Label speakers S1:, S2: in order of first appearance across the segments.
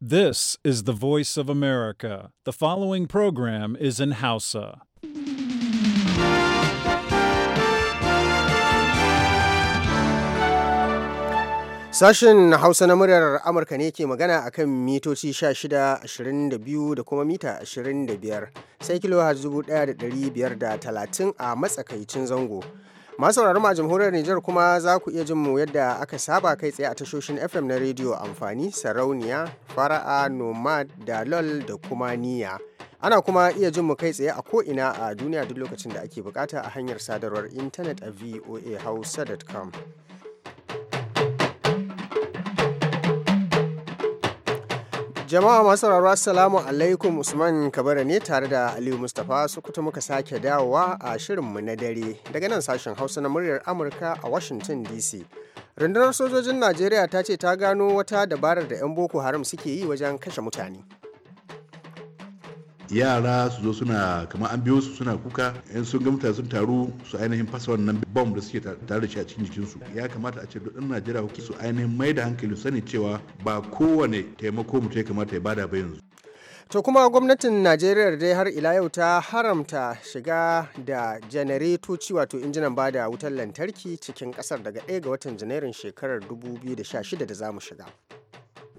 S1: This is the voice of America. The following program is in Hausa.
S2: Sashen Hausa na muryar Amurka ne ke magana a kan mitoci 16, 22 da kuma mita 25, sai kilo 1530 a matsakaicin zango. masu a jamhuriyar Nijar kuma za ku iya jin mu yadda aka saba kai tsaye a tashoshin FM na rediyo amfani sarauniya fara'a nomad da lol da kuma niya ana kuma iya jin mu kai tsaye a ko'ina a duniya duk lokacin da ake bukata a hanyar sadarwar intanet a voahausa.com Jama'a masu sauraro Assalamu alaikum Usman Kabara ne tare da Aliyu Mustapha su kuta muka sake dawowa a shirinmu na dare daga nan sashen Hausa na muryar Amurka a Washington DC. Rundunar sojojin Najeriya ta ce ta gano wata dabarar da 'yan Boko Haram suke yi wajen kashe mutane.
S3: yara su zo suna kama an biyo su suna kuka in sun gamta sun taru su ainihin fasa wannan bomb da suke tare da shi a cikin jikinsu ya kamata a ce duk najeriya kuke su ainihin mai da hankali sani cewa ba kowane taimako mutum ya kamata ya bada ba yanzu
S2: to kuma gwamnatin najeriya dai har ila yau ta haramta shiga da janaretoci wato injinan bada wutar lantarki cikin kasar daga 1 ga watan janairun shekarar 2016 da za mu shiga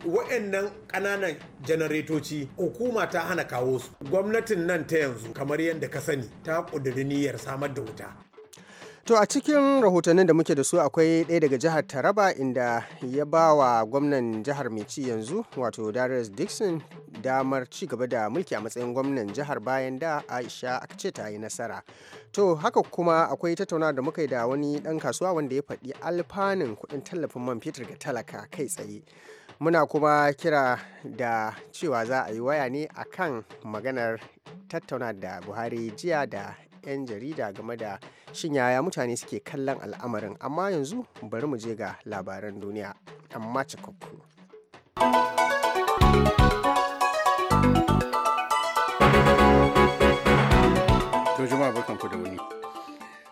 S1: wa'annan ƙananan janaretoci hukuma ta hana kawo su gwamnatin nan ta yanzu kamar yadda ka sani ta ƙudiri niyyar samar da wuta
S2: To a cikin rahotannin da muke da su akwai ɗaya daga jihar Taraba inda ya ba wa gwamnan jihar mai yanzu wato Darius Dixon damar ci gaba da mulki a matsayin gwamnan jihar bayan da Aisha aka ce ta yi nasara. To haka kuma akwai tattauna da muka yi da wani ɗan kasuwa wanda ya faɗi alfanun kuɗin tallafin man fetur ga talaka kai tsaye. muna kuma kira da cewa za a yi waya ne akan maganar tattauna da buhari jiya da 'yan jarida game da shin yaya mutane suke kallon al'amarin amma yanzu bari mu je ga labaran duniya amma cikakku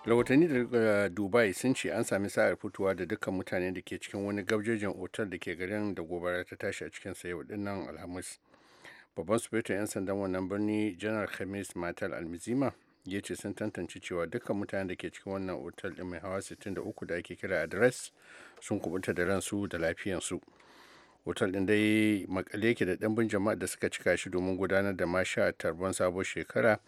S4: rahotanni daga eh, dubai sun ce an sami sa'ar fitowa da dukkan mutane da ke cikin wani gabjejin otal da ke garin da gobara ta tashi a cikin sayo dinnan alhamis babban sufetin 'yan sandan wannan birni janar khamis matal almizima ya ce sun tantance cewa dukkan mutane da ke cikin wannan otal din mai hawa 63 da ake kira adres sun kubuta da ransu da lafiyansu otal din dai makale yake da ɗanbin jama'a da suka cika shi domin gudanar da masha tarbon sabon shekara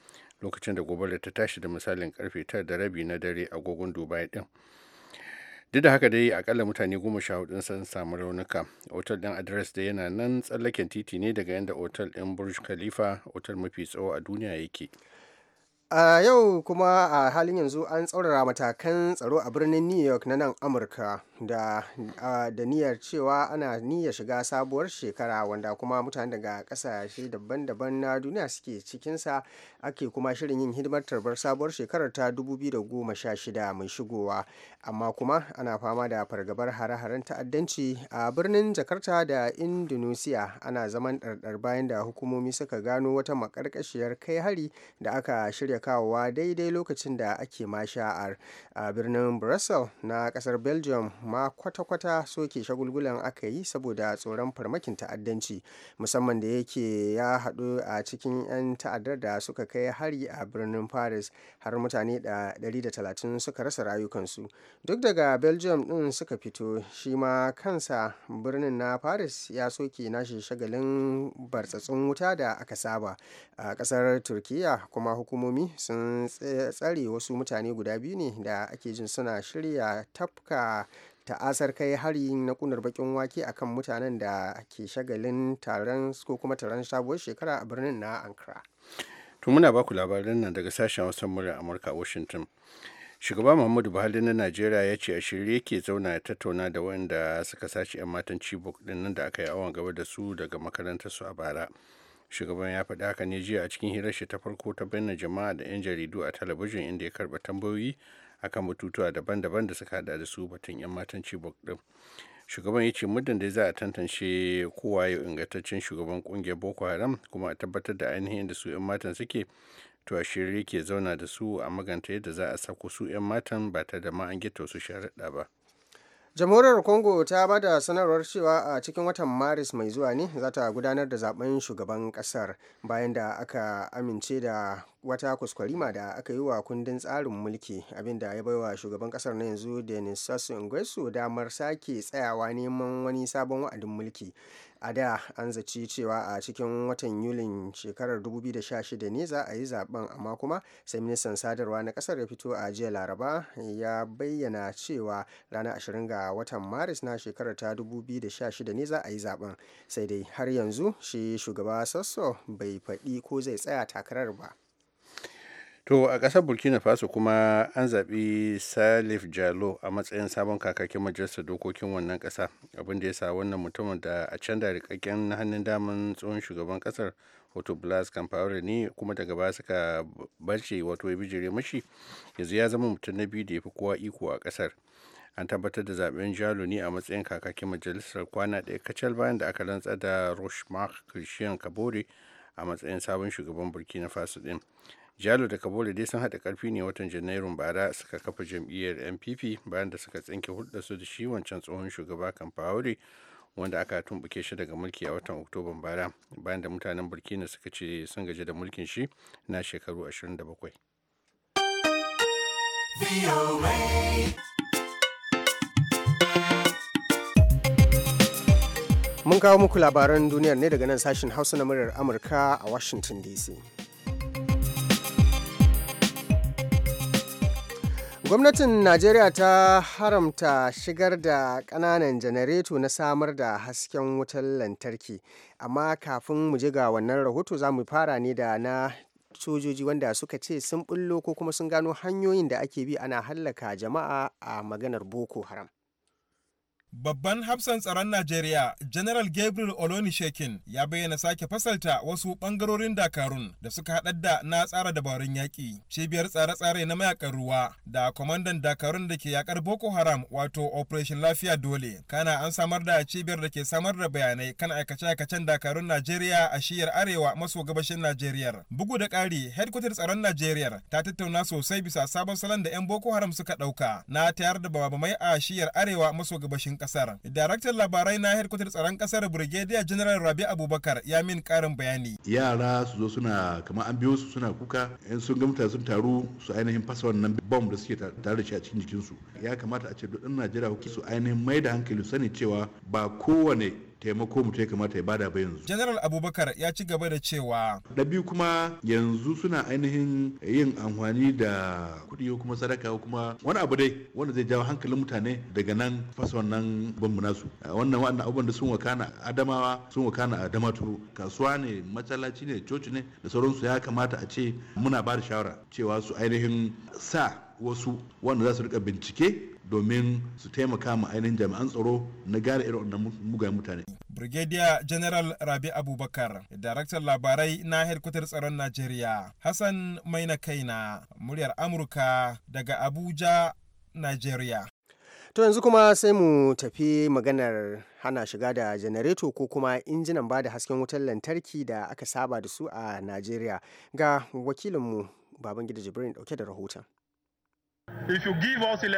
S4: lokacin da gobarar ta tashi da misalin karfe tara da rabi na dare agogon dubai din duk da haka dai akalla mutane goma sha hudu sun samu raunuka otal din adres da yana nan tsallaken titi ne daga yadda otal din burj khalifa otal mafi tsawo a duniya yake
S2: a yau kuma a halin yanzu an tsaurara matakan tsaro a birnin new york na nan amurka da niyyar cewa ana niyyar shiga sabuwar shekara wanda kuma mutane daga kasashe daban-daban na duniya suke cikinsa ake kuma shirin yin hidimar tarbar sabuwar shekarar ta 2016 mai shigowa amma kuma ana fama da fargabar hare-haren ta'addanci a birnin jakarta da indonesia ana zaman ɗarɗar bayan da hukumomi suka gano wata makarkashiyar kai hari da aka shirya kawowa daidai lokacin da ake masha'ar a birnin brussels na kasar belgium ma kwata-kwata soke shagulgulan aka yi saboda tsoron farmakin ta'addanci musamman da yake ya haɗu a cikin 'yan ta'addar da suka kai hari a birnin paris har mutane da 130 suka rasa rayukansu duk daga belgium ɗin suka fito shi ma kansa birnin na paris ya soke nashi shagalin bartsatsun wuta da aka saba a kasar turkiya kuma hukumomi sun tsare wasu mutane guda biyu ne da ake jin suna shirya tafka ta'asar kai hari na kunar bakin wake akan mutanen da ke shagalin taron ko kuma taron sabuwar shekara a birnin na ankara
S4: to muna baku labarin nan daga sashen wasu murar amurka washington shugaba muhammadu buhari na najeriya ya ce a shirye yake zauna ya tattauna da waɗanda suka sace 'yan matan chibok ɗin da aka yi awon gaba da su daga makarantarsu a bara shugaban ya faɗi haka ne jiya a cikin hirar shi ta farko ta bayyana jama'a da 'yan jaridu a talabijin inda ya karɓa tambayoyi akan batutuwa daban-daban da suka haɗa da su batun 'yan matan cibok ɗin shugaban ya ce muddin da za a tantance kowa ya ingantaccen shugaban ƙungiyar boko haram kuma a tabbatar da ainihin da su 'yan matan suke to a shirye ke zauna da su a maganta yadda za a sako su 'yan matan ba tare da ma an gita wasu sharaɗa ba
S2: jamhuriyar congo ta bada sanarwar cewa a cikin watan maris mai zuwa ne za ta gudanar da zaben shugaban kasar bayan da aka amince da wata kuskwarima da aka yi wa kundin tsarin mulki abinda ya bai wa shugaban kasar na yanzu denis sassou nguesso damar sake tsayawa neman wani sabon wa'adin mulki a da an zaci cewa a cikin watan yulin shekarar 2016 ne za a yi zaben amma kuma sai ministan sadarwa na kasar ya fito a jiya laraba ya bayyana cewa ranar 20 ga watan maris na shekarar ta 2016 ne za a yi zaben sai dai har yanzu shi shugaba sasso bai faɗi ko zai tsaya takarar ba.
S4: To a ƙasar Burkina Faso kuma an zaɓi Salif Jalo a matsayin sabon kakakin majalisar dokokin wannan ƙasa abin da ya sa wannan mutumin da a can da rikakken hannun daman tsohon shugaban ƙasar wato Blas Kamfaure ne kuma daga baya suka barce wato ya bijire mashi yanzu ya zama mutum na biyu da ya fi kowa iko a ƙasar. An tabbatar da zaɓen Jalo ne a matsayin kakakin majalisar kwana ɗaya kacal bayan da aka rantsar da Rochmark Christian Kabore a matsayin sabon shugaban Burkina Faso ɗin. jalo da kabole dai sun haɗa karfi ne watan janairun bara suka kafa jam'iyyar npp bayan da suka tsinke hulɗa su da shi wancan tsohon shugaba kamfawari wanda aka tumbuke shi daga mulki a watan oktoban bara bayan da mutanen burkina suka ce sun gaji da mulkin shi na shekaru 27
S2: Mun kawo muku labaran duniyar ne daga nan sashen Hausa na muryar Amurka a Washington DC. Gwamnatin Najeriya ta haramta shigar da kananan janareto na samar da hasken wutar lantarki, amma kafin mu ji ga wannan rahoto za mu fara ne da na sojoji wanda suka ce sun bullo ko kuma sun gano hanyoyin da ake bi ana hallaka jama'a a maganar Boko Haram.
S1: Babban hafsan tsaron Najeriya, General Gabriel oloni Shekin ya bayyana sake fasalta wasu ɓangarorin Dakarun da suka haɗar da na tsara dabarun yaƙi, cibiyar tsare-tsare na mayakan ruwa da kwamandan Dakarun da ke yakar Boko Haram wato Operation Lafiya Dole. Kana an samar da cibiyar da ke samar da bayanai kan aikace-aikacen Dakarun Najeriya a shiyar arewa maso gabashin Najeriya. Bugu da ƙari, hedkwatar tsaron Najeriya ta tattauna sosai bisa sabon salon da 'yan Boko Haram suka ɗauka na tayar da babamai a shiyar arewa maso gabashin kasar. Daraktan labarai na hedkwatar tsaron kasar Brigadier General Rabi Abubakar ya min karin bayani.
S3: Yara su zo suna kamar an biyo su suna kuka in sun gamta sun taru su ainihin fasa wannan bom da suke tare da shi a cikin jikinsu. Ya kamata a ce duk Najeriya su ainihin mai da hankali sani cewa ba kowane taimako mu ya kamata ya bada ba yanzu.
S1: General Abubakar ya ci gaba da cewa.
S3: Da kuma yanzu suna ainihin yin amfani da kuɗi ko kuma sadaka ko kuma wani abu dai wanda zai jawo hankalin mutane daga nan fasa wannan bambu nasu. Wannan wa'annan abubuwan da sun wakana Adamawa sun wakana a kasuwa ne masallaci ne coci ne da sauransu ya kamata a ce muna bada shawara cewa su ainihin sa wasu wanda za su rika bincike domin su taimaka ma ainihin jami'an tsaro na gane irin wannan mugayen mutane.
S1: Brigadier General Rabi Abubakar, Daraktan Labarai na Hedkwatar Tsaron Najeriya, Hassan Maina Kaina, muryar Amurka daga Abuja, Najeriya. To yanzu
S2: kuma sai mu tafi maganar hana shiga da janareto ko kuma injinan ba da hasken wutar lantarki da aka saba da su a Najeriya ga wakilinmu Babangida Jibrin dauke da rahoton.
S5: give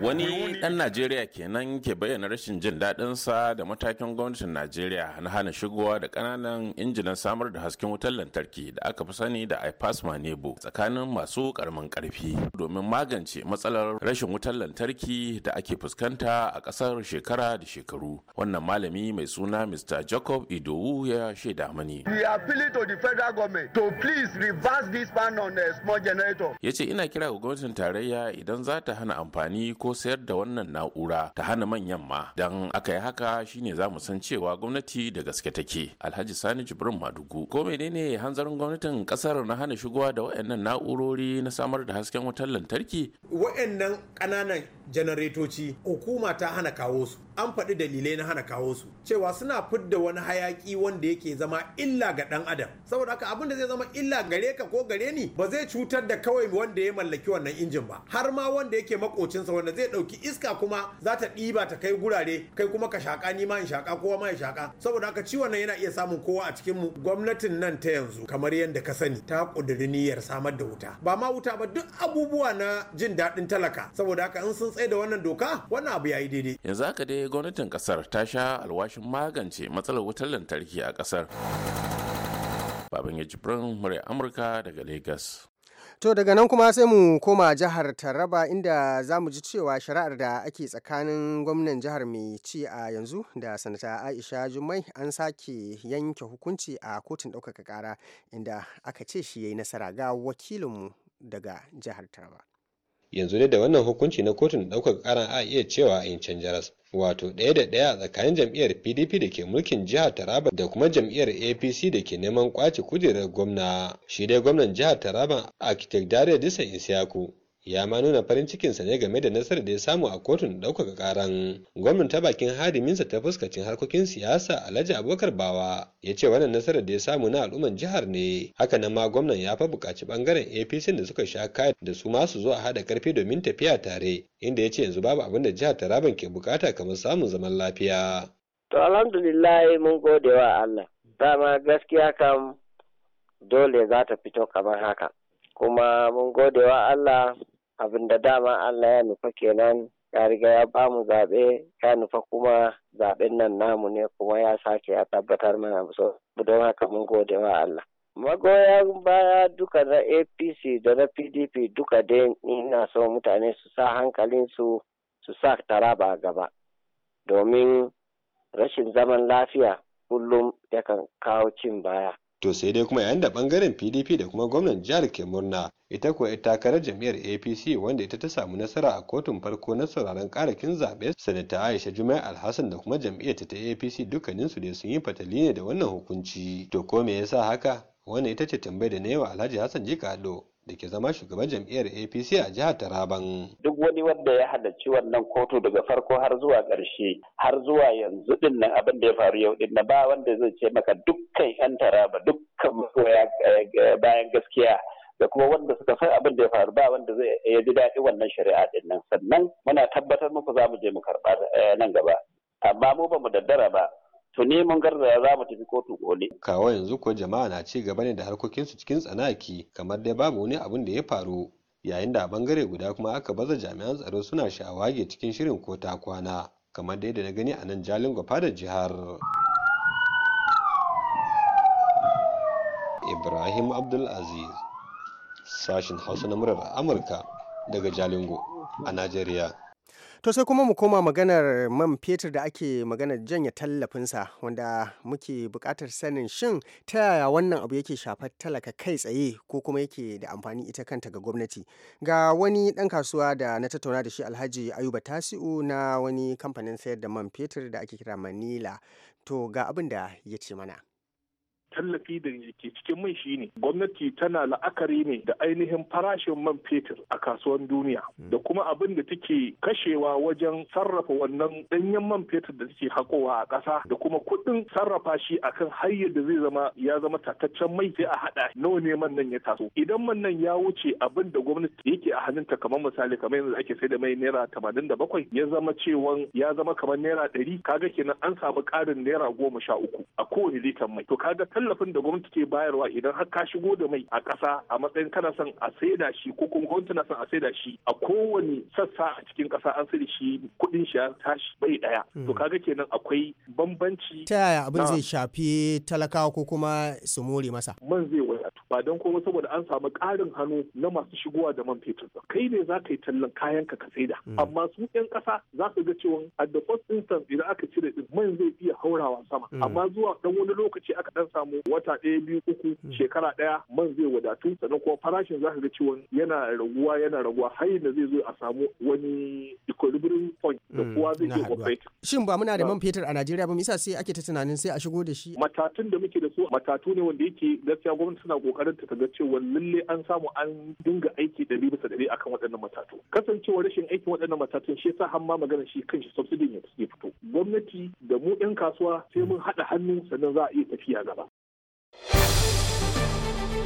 S5: Wani ɗan Najeriya kenan ke bayyana rashin jin daɗinsa da matakin gwamnatin Najeriya na hana shigowa da ƙananan injinan samar da hasken wutar lantarki da aka fi sani da IPAS Manebo tsakanin masu ƙaramin ƙarfi domin magance matsalar rashin wutar lantarki da ake fuskanta a ƙasar shekara da shekaru. Wannan malami mai suna Mr. Jacob Idowu ya shaida mani.
S3: We appeal to the federal government to please reverse this ban on the small generator.
S5: Ya ce ina kira ga gwamnatin tarayya tarayya idan za ta hana amfani ko sayar da wannan na'ura ta hana manyan ma don aka yi haka shine za mu san cewa gwamnati da gaske take alhaji sani jibrin madugu ko menene hanzarin gwamnatin kasar na hana shigowa da wayannan na'urori na samar da hasken wutar lantarki
S1: wayannan ƙananan janaretoci hukuma ta hana kawo su an faɗi dalilai na hana kawo su cewa suna fidda wani hayaki wanda yake zama illa ga ɗan adam saboda haka abin da zai zama illa gare ka ko gare ni ba zai cutar da kawai wanda ya mallaki wannan injin ba har ma wanda yake makocinsa wanda zai ɗauki iska kuma za ta ɗiba ta kai gurare kai kuma ka shaƙa ni ma in shaƙa kowa ma ya shaƙa saboda haka ciwon nan yana iya samun kowa a cikin mu gwamnatin nan ta yanzu kamar yadda ka sani ta ƙudiri niyyar samar da wuta ba ma wuta ba duk abubuwa na jin daɗin talaka saboda haka in sun tsaye da wannan doka wannan
S5: abu yayi daidai yanzu haka dai gwamnatin kasar ta sha alwashin magance matsalar wutar lantarki a kasar baban ya jibrin murai amurka daga lagos
S2: To daga nan kuma sai mu koma jihar Taraba inda za mu ji cewa shari'ar da ake tsakanin gwamnan jihar mai ci a yanzu da sanata Aisha Jummai an sake yanke hukunci a kotun ɗaukaka ƙara inda aka ce shi ya yi nasara ga wakilinmu daga jihar Taraba.
S6: yanzu ne da wannan hukunci na kotun ɗaukar ƙara a iya cewa in canjaras wato ɗaya da ɗaya a tsakanin jam'iyyar pdp da ke mulkin jihar taraba da kuma jam'iyyar apc da ke neman kwace kujerar gwamna shi dai gwamnan jihar taraba architect dare disa isiyaku ya ma nuna farin cikinsa ne game da nasarar da ya samu a kotun ɗaukaka karan gwamnan ta bakin hadiminsa ta fuskacin harkokin siyasa alhaji abubakar bawa ya ce wannan nasarar da ya samu na al'umman jihar ne haka nan ma gwamnan ya fa buƙaci ɓangaren apc da suka sha kai da su ma su zo a haɗa karfi domin tafiya tare inda ya ce yanzu babu abin da jihar taraban ke bukata kamar samun zaman lafiya.
S7: to alhamdulillah mun gode wa allah dama gaskiya kam dole za ta fito kamar haka kuma mun gode wa allah abin da dama Allah ya nufa kenan ya riga ya ba mu zaɓe ya nufa kuma zaɓen nan namu ne kuma ya sake ya tabbatar mana so don haka mun gode wa Allah. Magoyan baya duka na APC da na PDP duka dai ina so mutane su sa hankalinsu su sa taraba gaba domin rashin zaman lafiya kullum yakan
S6: kawo cin baya. to sai dai kuma yayin da bangaren pdp da kuma gwamnan jihar ke murna ita kuwa ita takarar jam'iyyar apc wanda ita ta samu nasara a kotun farko na sauraron karakin zaɓe sanata aisha jumai alhassan da kuma jam'iyyar ta apc dukkaninsu dai sun yi fatali ne da wannan hukunci to ko me yasa haka wannan ita ce tambayar da na yi wa alhaji hassan jikado da ke zama shugaban jam'iyyar apc a jihar taraban
S7: duk wani wanda ya halarci wannan kotu daga farko har zuwa ƙarshe har zuwa yanzu din nan abin da ya faru yau din ba wanda zai ce maka dukkan yan taraba dukkan masoya eh, bayan gaskiya da kuma wanda suka san abin da ya faru ba wanda zai ya ji daɗi wannan shari'a din nan sannan muna tabbatar muku za mu je mu karɓa eh, nan gaba amma mu ba mu daddara ba to ne mun garzaya za mu tafi kotu
S6: gole. kawo yanzu ko jama'a na ci gaba ne da harkokinsu cikin tsanaki kamar dai babu wani abin da ya faru yayin da a bangare guda kuma aka baza jami'an tsaro suna sha'awage cikin shirin ko ta kwana kamar dai da na gani a nan jalin gwafa da jihar ibrahim abdulaziz Sashen hausa na murar amurka daga jalingo a najeriya
S2: To sai kuma mu koma maganar man fetur da ake maganar janye tallafinsa wanda muke buƙatar sanin shin ta yaya wannan abu yake shafar talaka kai tsaye ko kuma yake da amfani ita kanta ga gwamnati. Ga wani ɗan kasuwa da na tattauna da shi Alhaji Ayuba Tasi'u na wani kamfanin sayar da man fetur da ake kira Manila. To ga abin da ya ce mana.
S8: tallafi da ke cikin mai shine gwamnati tana la'akari ne da ainihin farashin man fetur a kasuwan duniya hmm. da kuma abin da take kashewa wajen sarrafa wannan danyen man fetur da take hakowa a ƙasa da kuma kuɗin sarrafa shi akan hayyar da zai zama ya zama tataccen mai sai a haɗa nawa ne man nan ya taso idan man nan ya wuce abin da gwamnati yake a hannunta kamar misali kamar yanzu ake sai da mai naira tamanin da bakwai ya zama cewan ya zama kamar naira ɗari kaga kenan an samu ƙarin naira goma sha uku a kowane litan mai to kaga tallafin da gwamnati ke bayarwa idan har ka shigo da mai a ƙasa a matsayin kana son a saida shi ko kuma gwamnati na son a saida shi a kowane sassa a cikin ƙasa an saida shi kuɗin shi tashi bai ɗaya to hmm. kaga kenan akwai bambanci
S2: ta yaya abin zai shafi talakawa ko kuma su more masa
S8: man zai wadatu ba don kuma saboda an samu ƙarin hannu na masu shigowa da man fetur kai ne za ka yi tallan kayan ka ka saida hmm. amma su 'yan ƙasa za ka ga cewa at the first instance idan aka cire din man zai iya haurawa sama hmm. amma zuwa ɗan wani lokaci aka ɗan samu wata ɗaya biyu uku hmm. shekara ɗaya man zai wadatu sannan kuma farashin zaka ga cewa yana raguwa yana raguwa har yadda zai zo a samu wani equilibrium point da hmm. kowa zai iya operate.
S2: Shin ba muna da man fetur a Najeriya ba yasa sai ake ta tunanin sai a shigo da shi?
S8: Matatun da muke da su matatu ne wanda yake gaskiya gwamnati suna kokarin ta ga cewa lalle an samu an dinga aiki ɗari bisa ɗari akan waɗannan matatu. Kasancewar rashin aikin waɗannan matatun shi yasa har ma magana shi kan shi subsidy ne ya fito. Gwamnati da mu 'yan kasuwa sai mun haɗa hannu sannan za a iya tafiya
S7: gaba.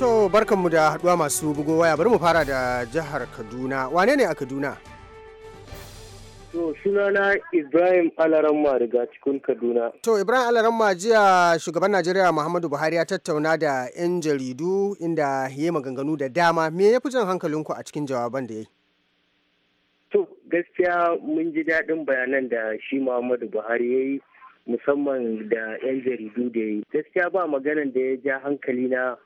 S2: To barkanmu da haduwa masu bugo waya bari mu fara da jihar Kaduna. Wane ne a Kaduna?
S7: To sunana Ibrahim Alaramma daga cikin Kaduna.
S2: To Ibrahim Alaramma jiya shugaban Najeriya Muhammadu Buhari ya tattauna da 'yan jaridu inda ya yi maganganu da dama. Me ya fi jan hankalinku a cikin jawaban da ya yi?
S7: To gaskiya mun ji daɗin bayanan da shi Muhammadu Buhari ya yi musamman da 'yan jaridu da ya yi. Gaskiya ba maganan da ya ja hankali na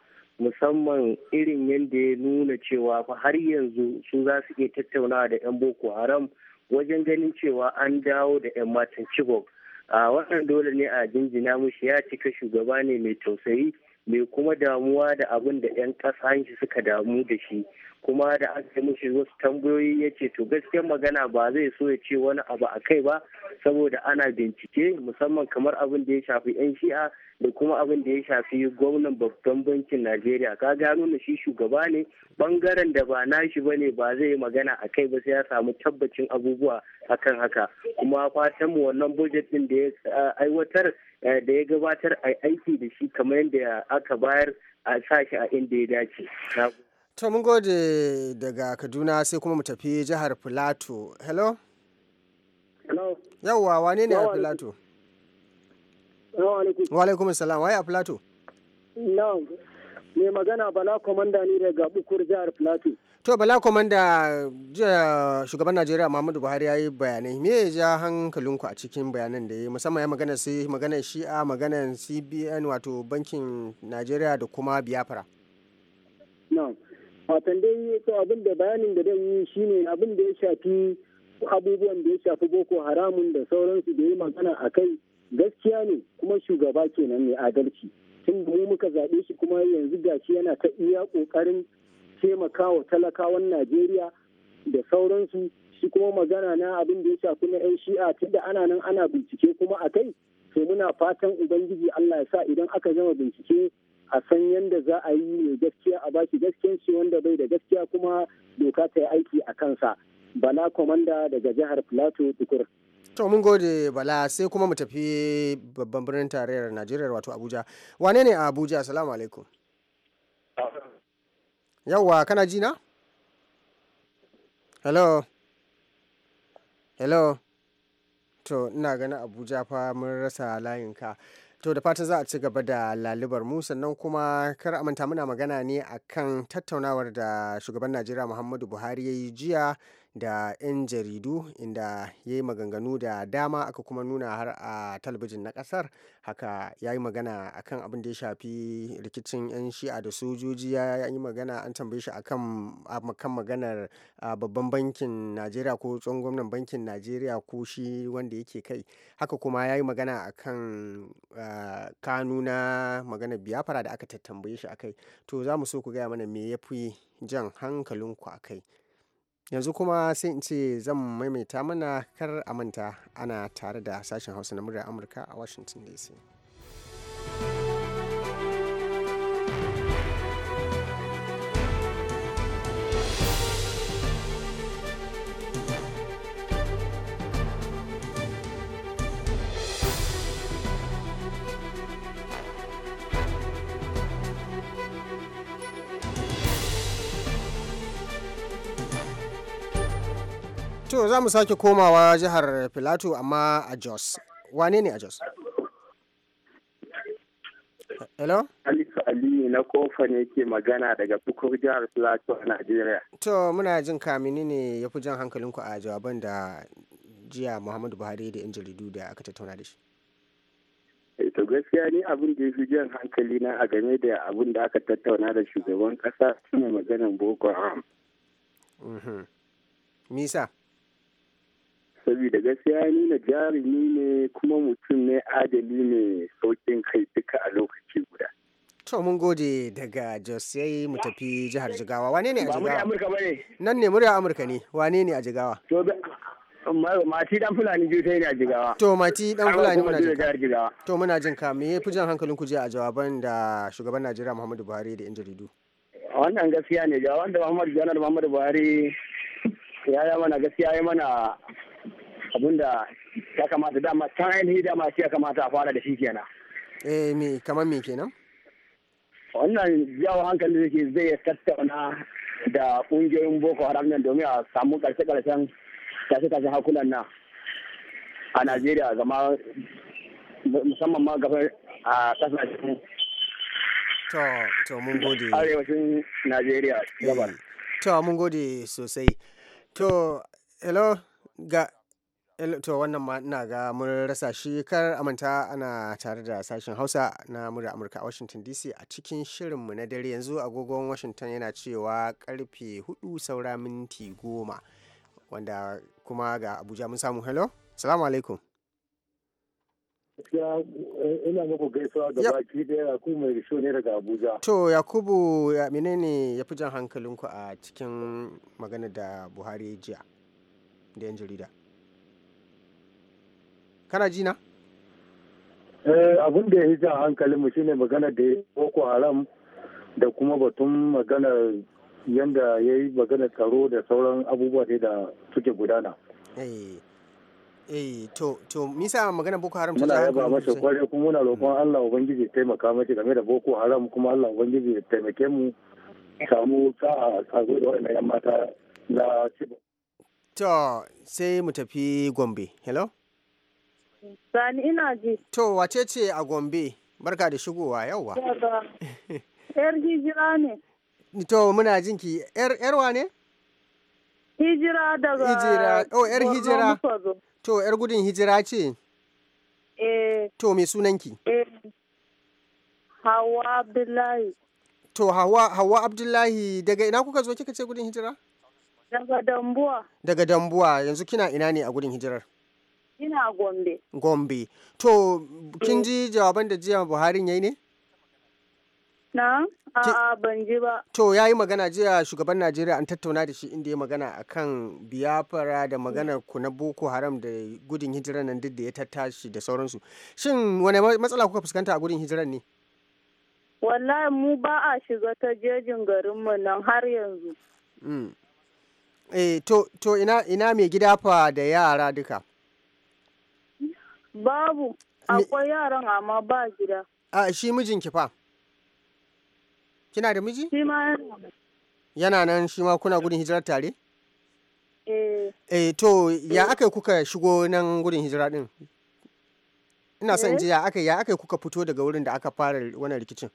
S7: musamman irin yadda ya nuna cewa fa har yanzu su za su iya tattaunawa da 'yan boko haram wajen ganin cewa an dawo da 'yan matan chibok a wannan dole ne a jinjina mushi ya cika shugaba ne mai tausayi mai kuma damuwa da abin da 'yan ƙasa suka damu da shi kuma da an kai mishi wasu tambayoyi ya ce to gaskiya magana ba zai so ya ce wani abu a kai ba saboda ana bincike musamman kamar abin da ya shafi 'yan shi'a da kuma abin da ya shafi gwamnan babban bankin najeriya ka gano shi shugaba ne bangaren da ba nashi ba ne ba zai yi magana a kai ba sai ya samu tabbacin abubuwa akan haka kuma fatan mu wannan budget din da ya eh, aiwatar eh, da ya gabatar a aiki da shi kamar yadda aka bayar a sashi a inda ya dace
S2: To mun gode daga Kaduna sai kuma mu tafi jihar Filato. Hello? Hello. Yawwa wane ne a Filato? Wa alaikum salam waye a Filato?
S7: No, Mai magana Bala Komanda ne daga Bukur jihar Filato.
S2: To Bala Komanda shugaban Najeriya Muhammadu Buhari ya yi bayanai. Me ya ja hankalinku a cikin bayanan da ya yi musamman ya magana sai magana shi'a maganar CBN wato bankin Najeriya da kuma Biafra.
S7: No. Watan dai to abin da bayanin da zan yi shine abin da ya shafi abubuwan da ya shafi boko haramun da sauransu da ya magana a kai gaskiya ne kuma shugaba kenan mai adalci tun da mu muka zaɓe shi kuma yanzu gashi yana ta iya ƙoƙarin taimakawa talakawan najeriya da sauransu shi kuma magana na abin da ya shafi na 'yan shi'a tun da ana nan ana bincike kuma a kai to muna fatan ubangiji allah ya sa idan aka zama bincike a san yadda za a yi mai gaskiya a baki gaskiyan shi wanda bai da gaskiya kuma doka ta yi aiki a kansa bala kwamanda daga jihar plateau
S2: tukur to mun gode bala sai kuma mu tafi babban birnin tarayyar najeriya wato abuja wane ne a abuja assalamu alaikum yawwa kana ji na hello hello to ina ganin abuja fa mun rasa layinka To da fata za a ci gaba da lalibar mu sannan kuma kar manta muna magana ne akan tattaunawar da shugaban Najeriya Muhammadu Buhari ya yi jiya da 'yan jaridu inda ya yi maganganu da dama aka kuma nuna har a talabijin na kasar haka ya yi magana akan abin da ya shafi rikicin 'yan shi'a da sojoji ya yi magana an tambaye shi akan kan maganar babban bankin najeriya ko tsohon gwamnan bankin najeriya ko shi wanda yake kai haka kuma ya yi magana akan kanu na maganar biyafara da aka tambaye shi akai to za mu so ku gaya mana me ya fi jan hankalinku akai yanzu kuma sai in ce zan maimaita mana kar a manta ana tare da sashen hausa na murya amurka a washington dc To za mu sake komawa jihar Filato amma a Jos. Wane ne a Jos?
S7: Hello? Alisu Aliyu na kofa ne ke magana daga bukur jihar Filato a Najeriya.
S2: To muna jin kamini ne ya fi jan hankalinku a jawaban da jiya Muhammadu Buhari da 'yan jaridu da aka tattauna da shi.
S7: Eh, to gaskiya ni abin da ya fi jan hankali na a game da abin da aka tattauna da shugaban kasa shine maganan boko haram.
S2: Misa. Mm-hmm. saboda
S7: gaskiya nuna jarumi ne kuma mutum ne adali ne saukin kai duka
S2: a lokaci guda to mun gode daga jos yayi mu tafi jihar jigawa wane ne a jigawa nan ne murya amurka ne wane ne a jigawa To
S7: mati dan fulani ju sai ne a jigawa to mati dan fulani muna jigawa
S2: to muna jin ka me fi jan hankalin ku je a jawaban da shugaban najeriya muhammadu buhari da yan jaridu wannan gaskiya ne jawaban
S7: da muhammadu janar muhammadu buhari ya yi mana gaskiya ya mana abinda ya kamata dama ta ainihi dama shi ya kamata a fara da shi kenan
S2: eh me kamar me kenan
S7: wannan jawo hankali da ke zai ya tattauna da kungiyoyin boko haram nan domin a samu karshe karshen tashe tashen hakunan nan a najeriya zama musamman ma gaba a
S2: kasashen to to mun gode
S7: arewacin
S2: najeriya gabar eh, to mun gode sosai to hello ga to wannan ma ina ga mun rasa shi kar amanta ana tare da sashen hausa na murya amurka a washington dc a cikin shirinmu na dare yanzu agogon washington yana cewa karfe 4 saura minti goma wanda kuma ga abuja mun samu hello salamu alaikum
S7: eh, ina muku gaisuwa da baki da yakubu mai risho ne daga abuja
S2: to yakubu ya menene ya fi jan hankalinku a cikin magana da buhari jiya da yan jarida kana jina? na eh, abin da ya yi jan hankalinmu
S7: shine magana da boko haram da kuma batun magana yadda ya yi magana tsaro da sauran abubuwa ne da suke gudana
S2: eh, eh to to misa magana boko haram ta zai ba masa kware
S7: kuma muna roƙon mm. Allah ubangiji taimaka mace game da boko haram kuma Allah ubangiji ya taimake mu samu sa a zo da wannan mata na cibo
S2: to sai mu tafi Gombe hello Sani ina ji. To wace ce a Gombe? Barka da shigowa yauwa. Yar hijira ne. To muna ki yar wa ne? Hijira daga. Hijira. Oh yar hijira. To yar gudun hijira ce? Eh. To me sunanki? Eh. Hawa Abdullahi. To Hawa Hawa Abdullahi daga ina kuka zo kika ce gudun hijira? Daga Dambuwa. Daga Dambuwa yanzu kina ina ne a gudun hijirar? ina gombe gombe to kin ji jawaban da jiya buharin yayi ne na a ban ji ba to ya yi magana jiya shugaban najeriya an tattauna da shi inda ya magana a kan biyafara da maganar ku na boko haram da gudun hijirar nan duk da ya tattashi da sauransu shin wane matsala kuka fuskanta a gudun hijirar ne
S7: wallahi mu ba a shiga ta jejin garinmu nan har yanzu
S2: mm. eh to, to ina, ina mai gida fa da yara duka
S7: Babu, akwai yaran amma ba gida.
S2: A shi mijin fa? Kina da miji? Shi ma yana nan shi ma kuna gudun hijira tare? Eh. Eh to ya eh. aka kuka shigo nan gudun hijira din? Ina son ji eh. ya aka ya aka kuka fito daga wurin da aka fara wannan rikicin?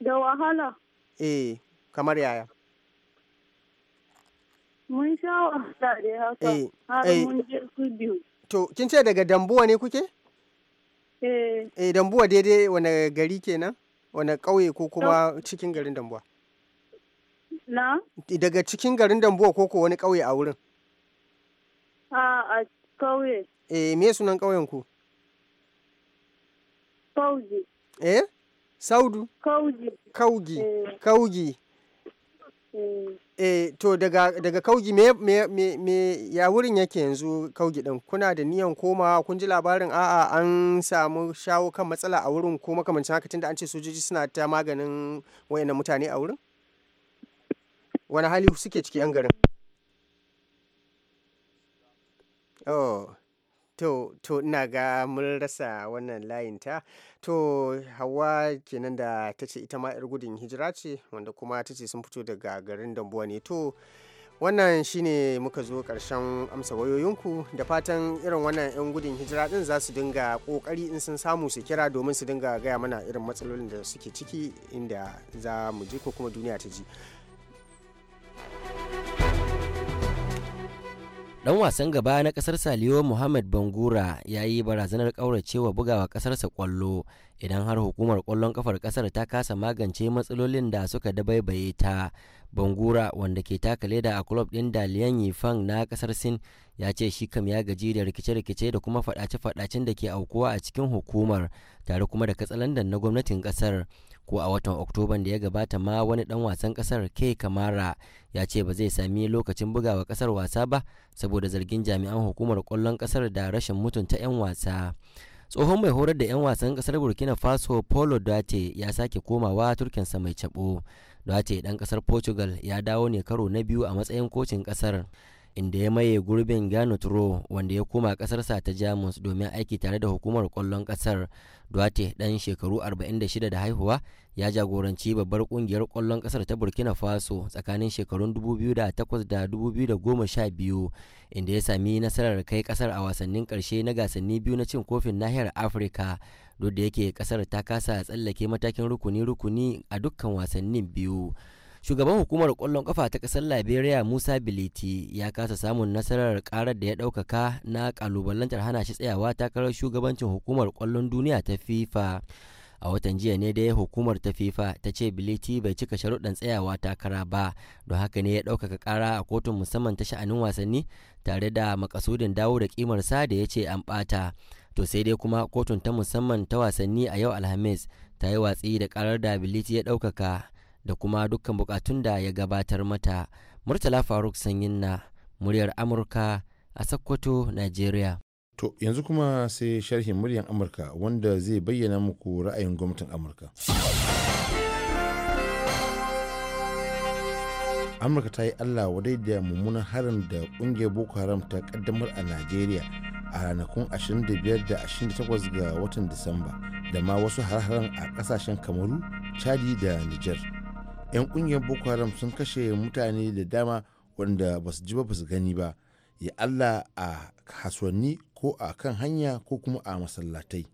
S7: Da wahala.
S2: Eh, kamar yaya?
S7: Mun sha wahala da haka. Eh, har mun je su biyu.
S2: To, kin ce daga Dambuwa ne kuke? Eh. Eh, Dambuwa daidai wane gari kenan? Wane ƙauye ko kuma cikin garin Dambuwa? Na? Daga cikin garin Dambuwa ko ko wani ƙauye a wurin?
S7: A, a ƙauye.
S2: Eh, me sunan ƙauyen ku? Kauji. Eh? Saudu? Kauji. Kaugi. Kaugi. Eh. Eh to daga daga kaugi me me me ya wurin yake yanzu kaugi din kuna da niyan komawa kun ji labarin a'a an samu shawo kan matsala a wurin ko makamancin haka tunda an ce sojoji suna ta maganin wayannan mutane a wurin? Wani hali suke ciki yan garin? Oh. To, to ina ga mun rasa wannan layin ta. To, hawa kenan da ta ce ita ma 'yar gudun hijira ce wanda kuma ta ce sun fito daga garin Dambuwa ne. To, wannan shine muka zo karshen amsa wayoyinku da fatan irin wannan 'yan gudun hijira din za su dinga kokari in sun samu su kira domin su dinga gaya mana irin matsalolin da suke ciki inda za mu ji ko kuma duniya ta ji.
S9: dan wasan gaba na kasar saliyo muhammad bangura ya yi barazanar kauracewa bugawa kasarsa kwallo idan har hukumar kwallon kafar kasar ta kasa magance matsalolin da suka dabaibaye ta bangura wanda ke taka leda a club din da lian yifang na kasar sin ya ce shi kam ya gaji da rikice-rikice da kuma fadace-fadacen da ke aukuwa a cikin hukumar tare kuma da katsalandan na gwamnatin kasar ko a watan oktoban da ya gabata ma wani dan wasan kasar ke kamara ya ce ba zai sami lokacin bugawa kasar wasa ba saboda zargin jami'an hukumar kwallon kasar da rashin mutunta 'yan wasa tsohon mai horar da 'yan wasan kasar burkina faso polo date ya sake komawa turkinsa mai cabo Duarte dan kasar Portugal ya dawo ne karo na biyu a matsayin kocin kasar inda ya maye gurbin Gano Turo wanda ya koma kasarsa ta Jamus domin aiki tare da hukumar kwallon kasar. Duarte dan shekaru 46 da haihuwa ya jagoranci babbar kungiyar kwallon kasar ta Burkina Faso tsakanin shekarun 2008 da 2012 inda ya sami nasarar kai kasar a wasannin karshe na gasanni biyu na cin kofin nahiyar Afirka. duk da yake kasar ta kasa tsallake matakin rukuni-rukuni a dukkan wasannin biyu shugaban hukumar kwallon kafa ta kasar liberia musa biliti ya kasa samun nasarar karar da ya daukaka na kalubalantar hana shi tsayawa takarar shugabancin hukumar kwallon duniya ta fifa a watan jiya ne dai hukumar ta fifa ta ce biliti bai cika sharuɗan tsayawa takara ba don haka ne ya ɗaukaka ƙara a kotun musamman ta sha'anin wasanni tare da makasudin dawo da kimarsa da ya ce an ɓata to sai dai kuma kotun ta musamman ta wasanni a yau alhamis ta yi watsi da karar da biliti ya daukaka da kuma dukkan bukatun da ya gabatar mata murtala faruk sanyin na muryar amurka a sakkwato nigeria
S10: to yanzu kuma sai sharhin muryar amurka wanda zai bayyana muku ra'ayin gwamnatin amurka amurka ta yi allah wadai da mummunan harin da kungiyar boko haram ta kaddamar a nigeria. a ranakun 25 da 28 ga watan disamba da ma wasu har-haren a kasashen kamaru chadi da niger 'yan kungiyar boko haram sun kashe mutane da dama wanda ba su ji ba su gani ba ya allah a kasuwanni ko a kan hanya ko kuma a masallatai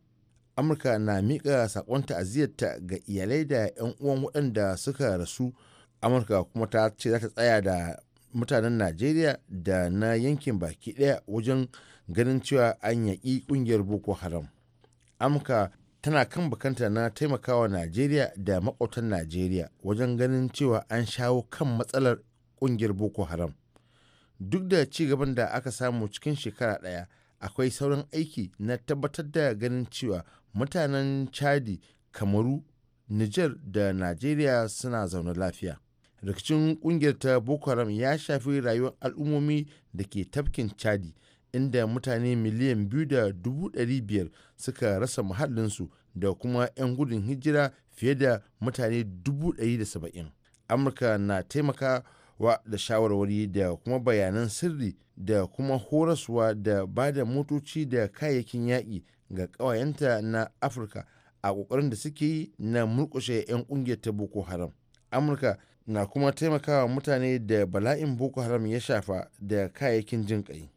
S10: amurka na miƙa saƙon ta'aziyarta ga iyalai da 'yan uwan waɗanda suka rasu amurka kuma ta ce za ta tsaya da mutanen najeriya da na yankin baki ɗaya wajen ganin cewa an yaƙi ƙungiyar boko haram amka tana kan bakanta na taimakawa najeriya da makwautan najeriya wajen ganin cewa an shawo kan matsalar ƙungiyar boko haram duk da ci gaban da aka samu cikin shekara ɗaya akwai sauran aiki na tabbatar da ganin cewa mutanen chadi kamaru niger da najeriya suna zaune lafiya rikicin kungiyar ta boko haram ya shafi rayuwar al'ummomi da ke tafkin chadi inda mutane miliyan biyu da dubu ɗari biyar suka rasa muhallinsu da kuma 'yan gudun hijira fiye da mutane dubu ɗari da saba'in amurka na taimaka wa da shawarwari da kuma bayanan sirri da kuma horaswa da ba da motoci da kayayyakin yaƙi ga ƙawayenta na afirka a ƙoƙarin da suke yi na murƙushe 'yan ƙungiyar ta boko haram amurka na kuma taimakawa mutane da bala'in boko haram ya shafa da kayayyakin jin kai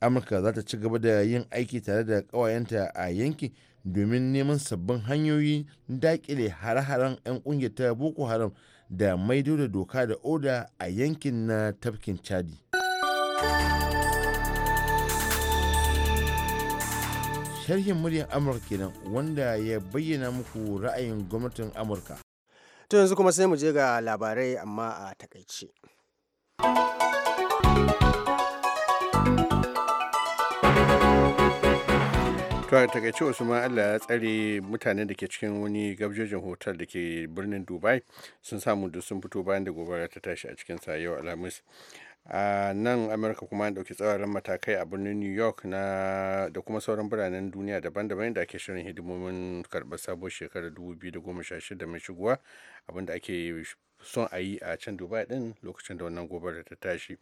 S10: amurka za ta ci gaba da yin aiki tare da ƙawayenta a yankin domin neman sabbin hanyoyi daƙile hare-haren 'yan ƙungiyar ta boko haram da maido da doka da oda a yankin na tafkin chadi sharhin muryar amurka kenan wanda ya bayyana
S2: muku ra'ayin gwamnatin amurka To yanzu kuma sai mu je ga labarai amma a takaice.
S4: to a takaice usman allah ya tsare mutanen da ke cikin wani gabjejin hotel da ke birnin dubai sun samu da sun fito bayan da gobara ta tashi a cikin sa yau alhamis a nan amurka kuma an ɗauki tsawaran matakai a birnin new york na da kuma sauran biranen duniya daban-daban inda ake shirin hidimomin karɓar sabuwar shekarar 2016 mai shigowa abinda ake son a yi a can dubai din
S2: lokacin da wannan gobara ta tashi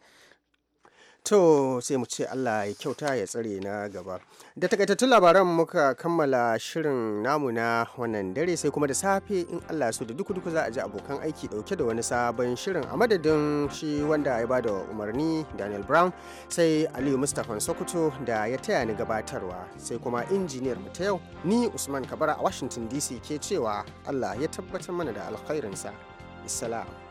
S2: To sai mu ce Allah ya kyauta ya tsare na gaba. Da takaitattun labaran muka kammala shirin namu na wannan dare sai kuma da safe in Allah su da duku duku za a ji abokan aiki dauke da wani sabon shirin a madadin shi wanda ya bada umarni Daniel Brown sai Aliyu Mustapha Sokoto da ya taya ni gabatarwa sai kuma injiniyar mu ta yau ni Usman Kabara a Washington DC ke cewa Allah ya tabbatar mana da alkhairinsa. Assalam.